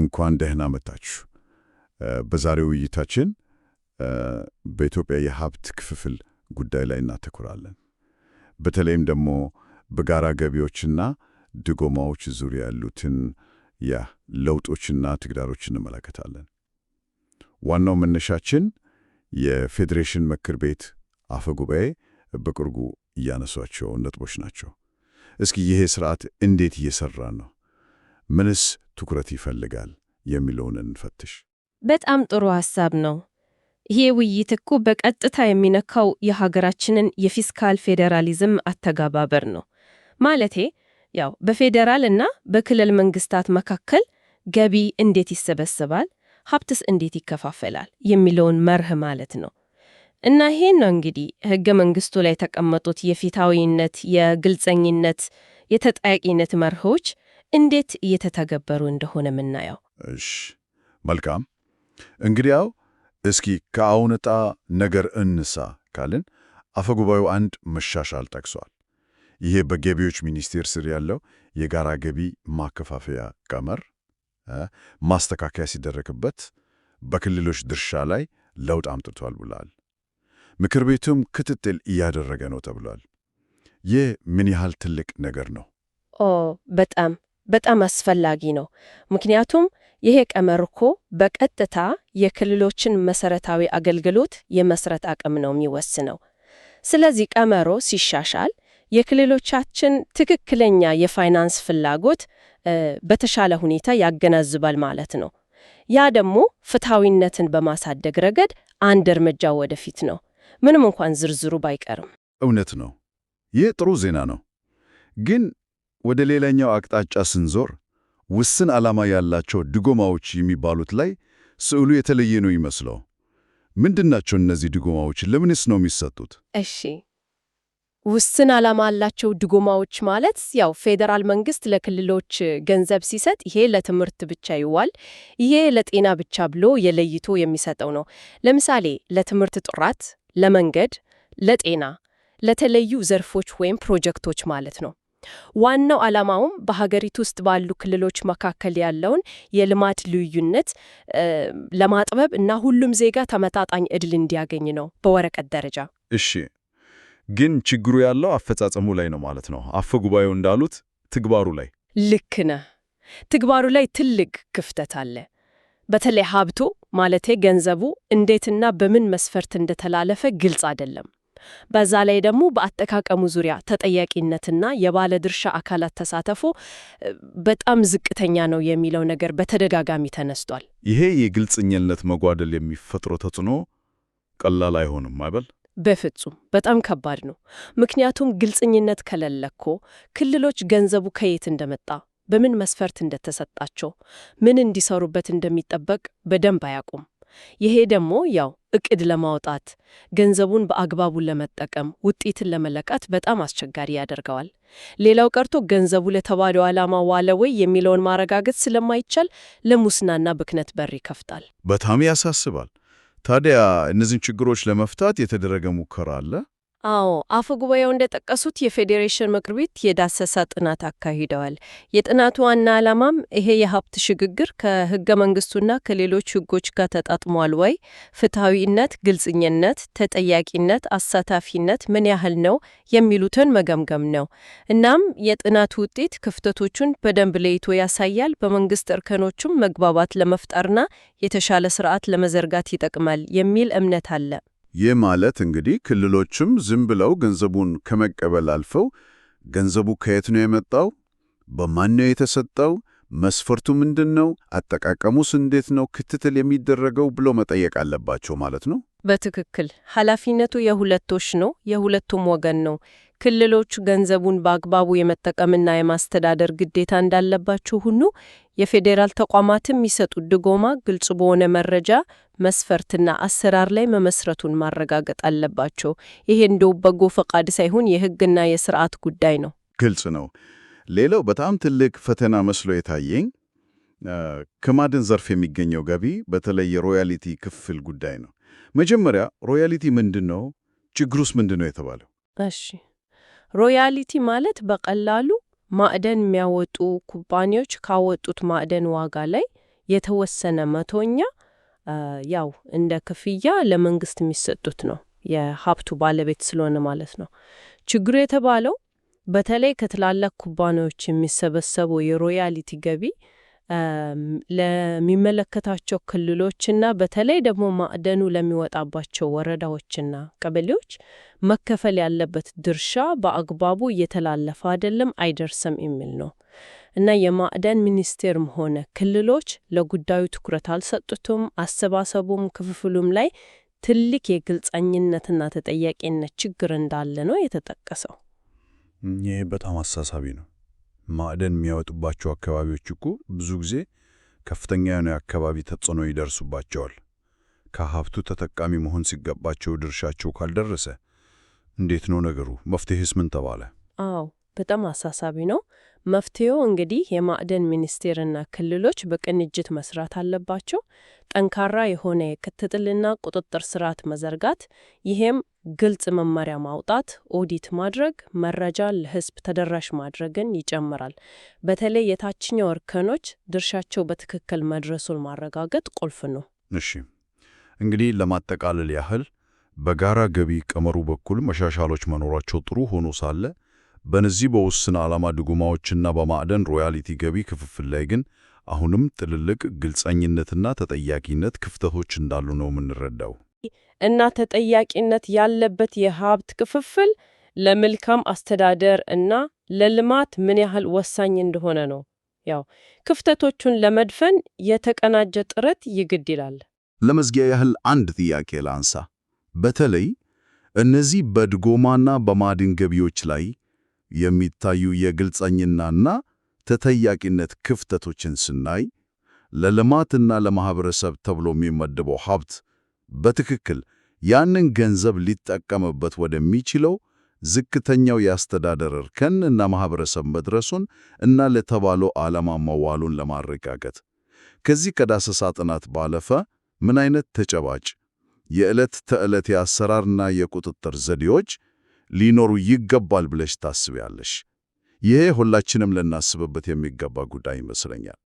እንኳን ደህና መጣችሁ። በዛሬው ውይይታችን በኢትዮጵያ የሀብት ክፍፍል ጉዳይ ላይ እናተኩራለን። በተለይም ደግሞ በጋራ ገቢዎችና ድጎማዎች ዙሪያ ያሉትን ያ ለውጦችና ትግዳሮች እንመለከታለን። ዋናው መነሻችን የፌዴሬሽን ምክር ቤት አፈ ጉባኤ በቅርቡ እያነሷቸው ነጥቦች ናቸው። እስኪ ይሄ ስርዓት እንዴት እየሰራ ነው? ምንስ ትኩረት ይፈልጋል የሚለውን እንፈትሽ። በጣም ጥሩ ሀሳብ ነው። ይሄ ውይይት እኮ በቀጥታ የሚነካው የሀገራችንን የፊስካል ፌዴራሊዝም አተገባበር ነው። ማለቴ ያው በፌዴራል እና በክልል መንግስታት መካከል ገቢ እንዴት ይሰበሰባል፣ ሀብትስ እንዴት ይከፋፈላል የሚለውን መርህ ማለት ነው። እና ይሄን ነው እንግዲህ ህገ መንግስቱ ላይ የተቀመጡት የፊታዊነት የግልጸኝነት፣ የተጠያቂነት መርሆች እንዴት እየተተገበሩ እንደሆነ የምናየው። እሺ መልካም። እንግዲያው እስኪ ከአውነጣ ነገር እንሳ ካልን አፈጉባኤው አንድ መሻሻል ጠቅሷል። ይሄ በገቢዎች ሚኒስቴር ስር ያለው የጋራ ገቢ ማከፋፈያ ቀመር ማስተካከያ ሲደረግበት በክልሎች ድርሻ ላይ ለውጥ አምጥቷል ብሏል። ምክር ቤቱም ክትትል እያደረገ ነው ተብሏል። ይህ ምን ያህል ትልቅ ነገር ነው? ኦ በጣም በጣም አስፈላጊ ነው። ምክንያቱም ይሄ ቀመር እኮ በቀጥታ የክልሎችን መሰረታዊ አገልግሎት የመስረት አቅም ነው የሚወስነው። ስለዚህ ቀመሮ ሲሻሻል የክልሎቻችን ትክክለኛ የፋይናንስ ፍላጎት በተሻለ ሁኔታ ያገናዝባል ማለት ነው። ያ ደግሞ ፍትሐዊነትን በማሳደግ ረገድ አንድ እርምጃ ወደፊት ነው፣ ምንም እንኳን ዝርዝሩ ባይቀርም። እውነት ነው። ይህ ጥሩ ዜና ነው ግን ወደ ሌላኛው አቅጣጫ ስንዞር ውስን ዓላማ ያላቸው ድጎማዎች የሚባሉት ላይ ስዕሉ የተለየ ነው ይመስለው። ምንድናቸው እነዚህ ድጎማዎች? ለምንስ ነው የሚሰጡት? እሺ፣ ውስን ዓላማ ያላቸው ድጎማዎች ማለት ያው ፌዴራል መንግስት ለክልሎች ገንዘብ ሲሰጥ ይሄ ለትምህርት ብቻ ይዋል፣ ይሄ ለጤና ብቻ ብሎ የለይቶ የሚሰጠው ነው። ለምሳሌ ለትምህርት ጥራት፣ ለመንገድ፣ ለጤና፣ ለተለዩ ዘርፎች ወይም ፕሮጀክቶች ማለት ነው። ዋናው ዓላማውም በሀገሪቱ ውስጥ ባሉ ክልሎች መካከል ያለውን የልማት ልዩነት ለማጥበብ እና ሁሉም ዜጋ ተመጣጣኝ እድል እንዲያገኝ ነው በወረቀት ደረጃ። እሺ፣ ግን ችግሩ ያለው አፈጻጸሙ ላይ ነው ማለት ነው። አፈ ጉባኤው እንዳሉት ትግባሩ ላይ ልክ ነህ። ትግባሩ ላይ ትልቅ ክፍተት አለ። በተለይ ሀብቱ ማለቴ ገንዘቡ እንዴትና በምን መስፈርት እንደተላለፈ ግልጽ አይደለም። በዛ ላይ ደግሞ በአጠቃቀሙ ዙሪያ ተጠያቂነትና የባለ ድርሻ አካላት ተሳተፎ በጣም ዝቅተኛ ነው የሚለው ነገር በተደጋጋሚ ተነስቷል። ይሄ የግልጽኝነት መጓደል የሚፈጥረው ተጽዕኖ ቀላል አይሆንም አይበል? በፍጹም በጣም ከባድ ነው። ምክንያቱም ግልጽኝነት ከሌለ እኮ ክልሎች ገንዘቡ ከየት እንደመጣ በምን መስፈርት እንደተሰጣቸው ምን እንዲሰሩበት እንደሚጠበቅ በደንብ አያውቁም። ይሄ ደግሞ ያው እቅድ ለማውጣት ገንዘቡን በአግባቡ ለመጠቀም ውጤትን ለመለካት በጣም አስቸጋሪ ያደርገዋል። ሌላው ቀርቶ ገንዘቡ ለተባለው ዓላማ ዋለ ወይ የሚለውን ማረጋገጥ ስለማይቻል ለሙስናና ብክነት በር ይከፍታል። በጣም ያሳስባል። ታዲያ እነዚህን ችግሮች ለመፍታት የተደረገ ሙከራ አለ? አዎ አፈ ጉባኤው እንደጠቀሱት የፌዴሬሽን ምክር ቤት የዳሰሳ ጥናት አካሂደዋል። የጥናቱ ዋና ዓላማም ይሄ የሀብት ሽግግር ከህገ መንግስቱና ከሌሎች ህጎች ጋር ተጣጥሟል ወይ፣ ፍትሐዊነት፣ ግልጽኝነት፣ ተጠያቂነት፣ አሳታፊነት ምን ያህል ነው የሚሉትን መገምገም ነው። እናም የጥናቱ ውጤት ክፍተቶቹን በደንብ ለይቶ ያሳያል። በመንግስት እርከኖቹም መግባባት ለመፍጠርና የተሻለ ስርዓት ለመዘርጋት ይጠቅማል የሚል እምነት አለ። ይህ ማለት እንግዲህ ክልሎችም ዝም ብለው ገንዘቡን ከመቀበል አልፈው ገንዘቡ ከየት ነው የመጣው፣ በማን ነው የተሰጠው፣ መስፈርቱ ምንድን ነው፣ አጠቃቀሙስ እንዴት ነው ክትትል የሚደረገው ብሎ መጠየቅ አለባቸው ማለት ነው። በትክክል ኃላፊነቱ የሁለቶች ነው፣ የሁለቱም ወገን ነው። ክልሎች ገንዘቡን በአግባቡ የመጠቀምና የማስተዳደር ግዴታ እንዳለባቸው ሁሉ የፌዴራል ተቋማትም የሚሰጡት ድጎማ ግልጽ በሆነ መረጃ መስፈርትና አሰራር ላይ መመስረቱን ማረጋገጥ አለባቸው። ይሄ እንደው በጎ ፈቃድ ሳይሆን የሕግና የስርዓት ጉዳይ ነው። ግልጽ ነው። ሌላው በጣም ትልቅ ፈተና መስሎ የታየኝ ከማዕድን ዘርፍ የሚገኘው ገቢ በተለይ የሮያሊቲ ክፍል ጉዳይ ነው። መጀመሪያ ሮያሊቲ ምንድን ነው? ችግሩስ ምንድን ነው የተባለው? እሺ ሮያሊቲ ማለት በቀላሉ ማዕደን የሚያወጡ ኩባንያዎች ካወጡት ማዕደን ዋጋ ላይ የተወሰነ መቶኛ ያው እንደ ክፍያ ለመንግስት የሚሰጡት ነው፣ የሀብቱ ባለቤት ስለሆነ ማለት ነው። ችግሩ የተባለው በተለይ ከትላላቅ ኩባንያዎች የሚሰበሰበው የሮያሊቲ ገቢ ለሚመለከታቸው ክልሎችና በተለይ ደግሞ ማዕደኑ ለሚወጣባቸው ወረዳዎችና ቀበሌዎች መከፈል ያለበት ድርሻ በአግባቡ እየተላለፈ አይደለም፣ አይደርስም የሚል ነው እና የማዕደን ሚኒስቴርም ሆነ ክልሎች ለጉዳዩ ትኩረት አልሰጡትም። አሰባሰቡም ክፍፍሉም ላይ ትልቅ የግልጸኝነትና ተጠያቂነት ችግር እንዳለ ነው የተጠቀሰው። ይህ በጣም አሳሳቢ ነው። ማዕደን የሚያወጡባቸው አካባቢዎች እኮ ብዙ ጊዜ ከፍተኛ የሆነ አካባቢ ተጽዕኖ ይደርሱባቸዋል። ከሀብቱ ተጠቃሚ መሆን ሲገባቸው ድርሻቸው ካልደረሰ እንዴት ነው ነገሩ? መፍትሄስ ምን ተባለ? አዎ በጣም አሳሳቢ ነው። መፍትሄው እንግዲህ የማዕደን ሚኒስቴርና ክልሎች በቅንጅት መስራት አለባቸው። ጠንካራ የሆነ የክትትልና ቁጥጥር ስርዓት መዘርጋት፣ ይሄም ግልጽ መመሪያ ማውጣት፣ ኦዲት ማድረግ፣ መረጃ ለህዝብ ተደራሽ ማድረግን ይጨምራል። በተለይ የታችኛው እርከኖች ድርሻቸው በትክክል መድረሱን ማረጋገጥ ቁልፍ ነው። እሺ እንግዲህ ለማጠቃለል ያህል በጋራ ገቢ ቀመሩ በኩል መሻሻሎች መኖራቸው ጥሩ ሆኖ ሳለ በነዚህ በውስን ዓላማ ድጎማዎችና በማዕደን ሮያሊቲ ገቢ ክፍፍል ላይ ግን አሁንም ትልልቅ ግልጸኝነትና ተጠያቂነት ክፍተቶች እንዳሉ ነው የምንረዳው። እና ተጠያቂነት ያለበት የሀብት ክፍፍል ለመልካም አስተዳደር እና ለልማት ምን ያህል ወሳኝ እንደሆነ ነው። ያው ክፍተቶቹን ለመድፈን የተቀናጀ ጥረት ይግድ ይላል። ለመዝጊያ ያህል አንድ ጥያቄ ላንሳ። በተለይ እነዚህ በድጎማና በማዕድን ገቢዎች ላይ የሚታዩ የግልጸኝናና ተጠያቂነት ክፍተቶችን ስናይ ለልማትና ለማህበረሰብ ተብሎ የሚመደበው ሀብት በትክክል ያንን ገንዘብ ሊጠቀምበት ወደሚችለው ዝቅተኛው የአስተዳደር እርከን እና ማህበረሰብ መድረሱን እና ለተባለው ዓላማ መዋሉን ለማረጋገጥ ከዚህ ከዳሰሳ ጥናት ባለፈ ምን አይነት ተጨባጭ የዕለት ተዕለት የአሰራርና የቁጥጥር ዘዴዎች ሊኖሩ ይገባል ብለሽ ታስቢያለሽ? ይሄ ሁላችንም ልናስብበት የሚገባ ጉዳይ ይመስለኛል።